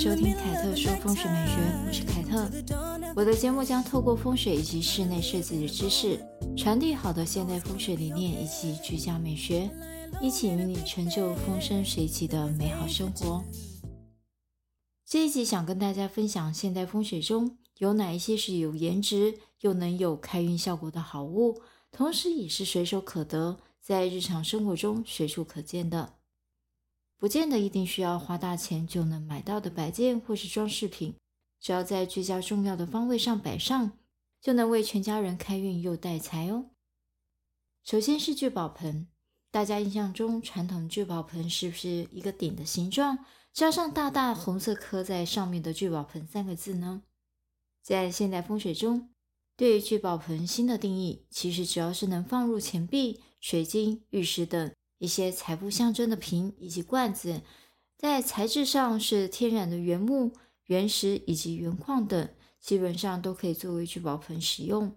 收聽凱特說風水美學，我是凱特。我的節目將透過風水以及室內設計的知識，傳遞好的現代風水理念以及居家美學，一起與你成就風生水起的美好生活。這一集想跟大家分享，現代風水中有哪一些是有顏值又能有開運效果的好物，同時也是隨手可得，在日常生活中隨處可見的。不見得一定需要花大錢就能買到的擺件或是裝飾品，只要在居家重要的方位上擺上，就能為全家人開運又帶財哦。首先是聚寶盆，大家印象中傳統聚寶盆是不是一個鼎的形狀，加上大大紅色刻在上面的“聚寶盆”三個字呢？在現代風水中，對於聚寶盆新的定義，其實只要是能放入錢幣、水晶、玉石等。一些財富象徵的瓶以及罐子，在材質上是天然的原木、原石以及原礦等，基本上都可以作為聚寶盆使用。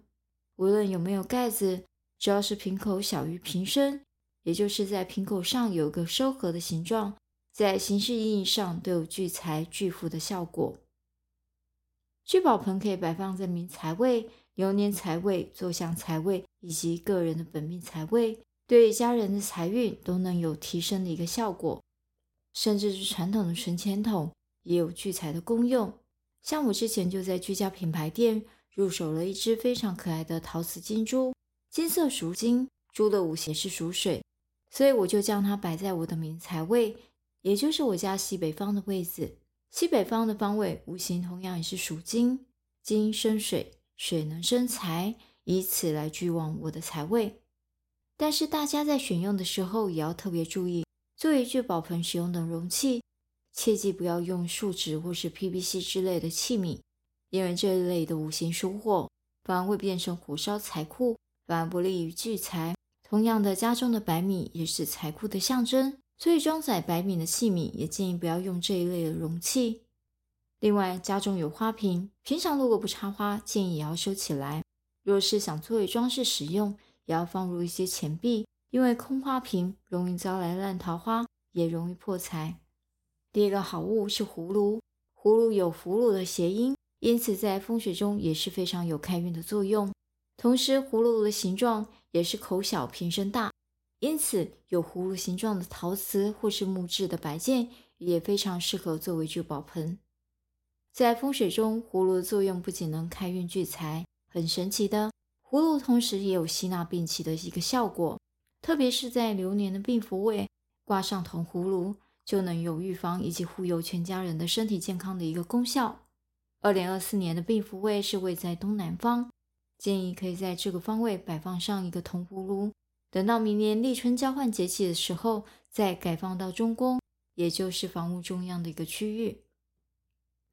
無論有沒有蓋子，只要是瓶口小於瓶身，也就是在瓶口上有一個收合的形狀，在形式意義上都有聚財聚富的效果。聚寶盆可以擺放在明財位、流年財位、坐向財位以及個人的本命財位。對家人的財運都能有提升的一個效果，甚至是傳統的存錢桶也有聚財的功用。像我之前就在居家品牌店入手了一隻非常可愛的陶瓷金豬，金色屬金，豬的五行是屬水，所以我就將它擺在我的明財位，也就是我家西北方的位置。西北方的方位五行同樣也是屬金，金生水，水能生財，以此來聚旺我的財位。但是大家在選用的時候也要特別注意，作為聚寶盆使用的容器，切記不要用樹脂或是 PVC 之類的器皿，因為這一類的五行屬火，反而會變成火燒財庫，反而不利於聚財。同樣的，家中的白米也是財庫的象徵，所以裝載白米的器皿也建議不要用這一類的容器。另外，家中有花瓶，平常如果不插花，建議也要收起來。若是想作為裝飾使用，也要放入一些錢幣，因為空花瓶容易招來爛桃花，也容易破財。第一個好物是葫蘆，葫蘆有福祿的諧音，因此在風水中也是非常有開運的作用。同時，葫蘆的形狀也是口小瓶身大，因此有葫蘆形狀的陶瓷或是木質的擺件也非常適合作為聚寶盆。在風水中，葫蘆的作用不僅能開運聚財，很神奇的。葫蘆同時也有吸納病氣的一個效果，特別是在流年的病符位掛上銅葫蘆，就能有預防以及護佑全家人的身體健康的一個功效。二零二四年的病符位是位在東南方，建議可以在這個方位擺放上一個銅葫蘆。等到明年立春交換節氣的時候，再改放到中宮，也就是房屋中央的一個區域。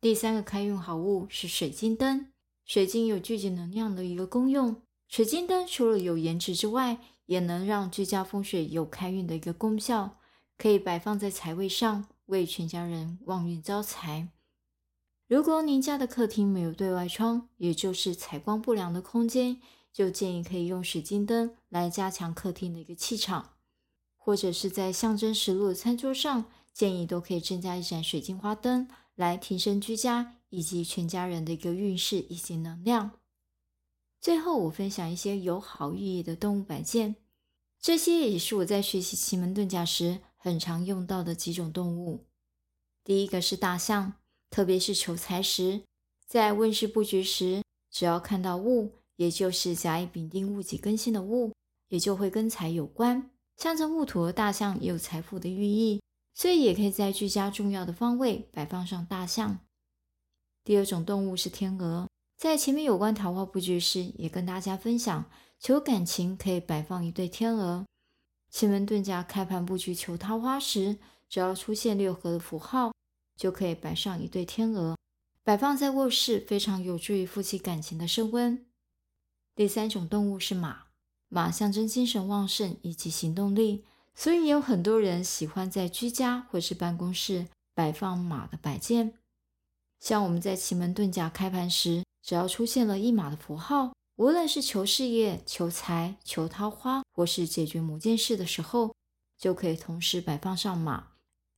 第三個開運好物是水晶燈，水晶有聚集能量的一個功用。水晶燈除了有顏值之外，也能讓居家風水有開運的一個功效，可以擺放在財位上，為全家人旺運招財。如果您家的客廳沒有對外窗，也就是採光不良的空間，就建議可以用水晶燈來加強客廳的一個氣場，或者是在象徵食祿的餐桌上，建議都可以增加一盞水晶花燈，來提升居家以及全家人的一個運勢以及能量。最後，我分享一些有好寓意的動物擺件，這些也是我在學習奇門遁甲時很常用到的幾種動物。第一個是大象，特別是求財時，在問事布局時，只要看到物，也就是甲乙丙丁戊己庚辛的戊，也就會跟財有關。象徵戊土和大象也有財富的寓意，所以也可以在居家重要的方位擺放上大象。第二種動物是天鵝。在前面有關桃花布局時，也跟大家分享，求感情可以擺放一對天鵝。奇門遁甲開盤布局求桃花時，只要出現六合的符號，就可以擺上一對天鵝，擺放在臥室，非常有助於夫妻感情的升溫。第三種動物是馬，馬象徵精神旺盛以及行動力，所以也有很多人喜歡在居家或是辦公室擺放馬的擺件。像我們在奇門遁甲開盤時，只要出現了驛馬的符號，無論是求事業、求財、求桃花，或是解決某件事的時候，就可以同時擺放上馬，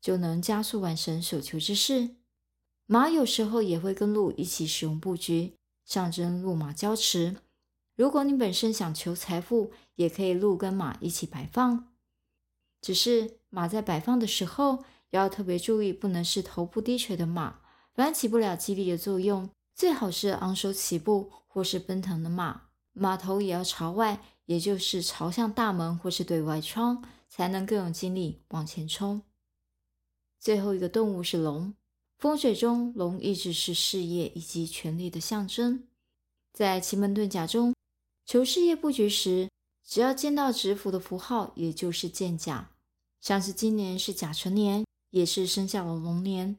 就能加速完成所求之事。馬有時候也會跟鹿一起使用布局，象徵鹿馬交馳。如果你本身想求財富，也可以鹿跟馬一起擺放。只是馬在擺放的時候，也要特別注意，不能是頭部低垂的馬。一般起不了激勵的作用，最好是昂首起步或是奔騰的馬，馬頭也要朝外，也就是朝向大門或是對外窗，才能更有精力往前衝。最後一個動物是龍，風水中龍一直是事業以及權力的象徵。在奇門遁甲中，求事業布局時，只要見到值符的符號，也就是見甲，像是今年是甲辰年，也是生肖龍年。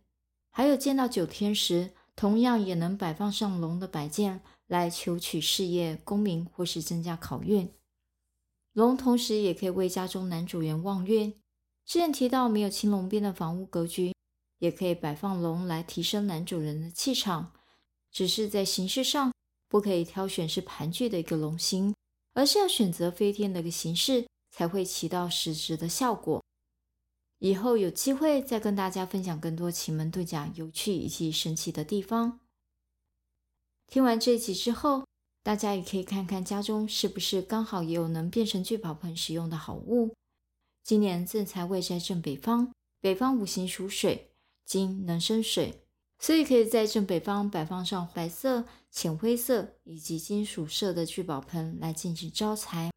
還有見到九天時，同樣也能擺放上龍的擺件來求取事業功名或是增加考運。龍同時也可以為家中男主人旺運，之前提到沒有青龍邊的房屋格局，也可以擺放龍來提升男主人的氣場，只是在形式上不可以挑選是盤踞的一個龍形，而是要選擇飛天的一個形式才會起到實質的效果。以後有機會再跟大家分享更多奇門遁甲有趣以及神奇的地方。聽完這一集之後，大家也可以看看家中是不是剛好也有能變成聚寶盆使用的好物。今年正財位在正北方，北方五行屬水，金能生水，所以可以在正北方擺放上白色、淺灰色以及金屬色的聚寶盆來進行招財。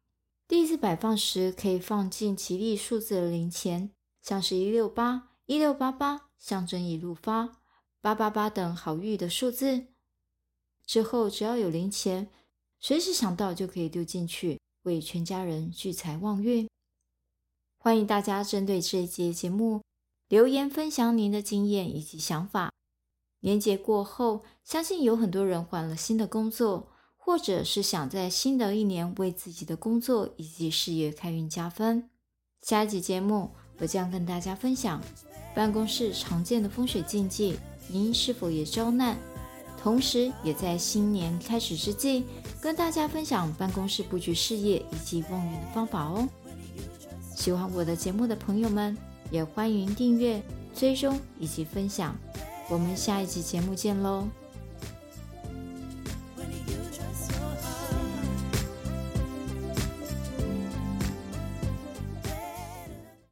第一次擺放時，可以放進吉利數字的零錢。像是“一六八”“一六八八”象徵一路發，“八八八”等好運的數字。之後只要有零錢，隨時想到就可以丟進去，為全家人聚財旺運。歡迎大家針對這一節節目留言分享您的經驗以及想法。年節過後，相信有很多人換了新的工作，或者是想在新的一年為自己的工作以及事業開運加分。下一集節目。我將跟大家分享辦公室常見的風水禁忌，您是否也遭難？同時，也在新年開始之際，跟大家分享辦公室佈局事業以及旺運的方法哦。喜歡我的節目的朋友們，也歡迎訂閱、追蹤以及分享。我們下一期節目見嘍！